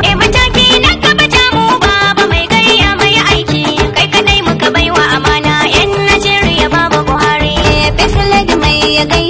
ya eh, gai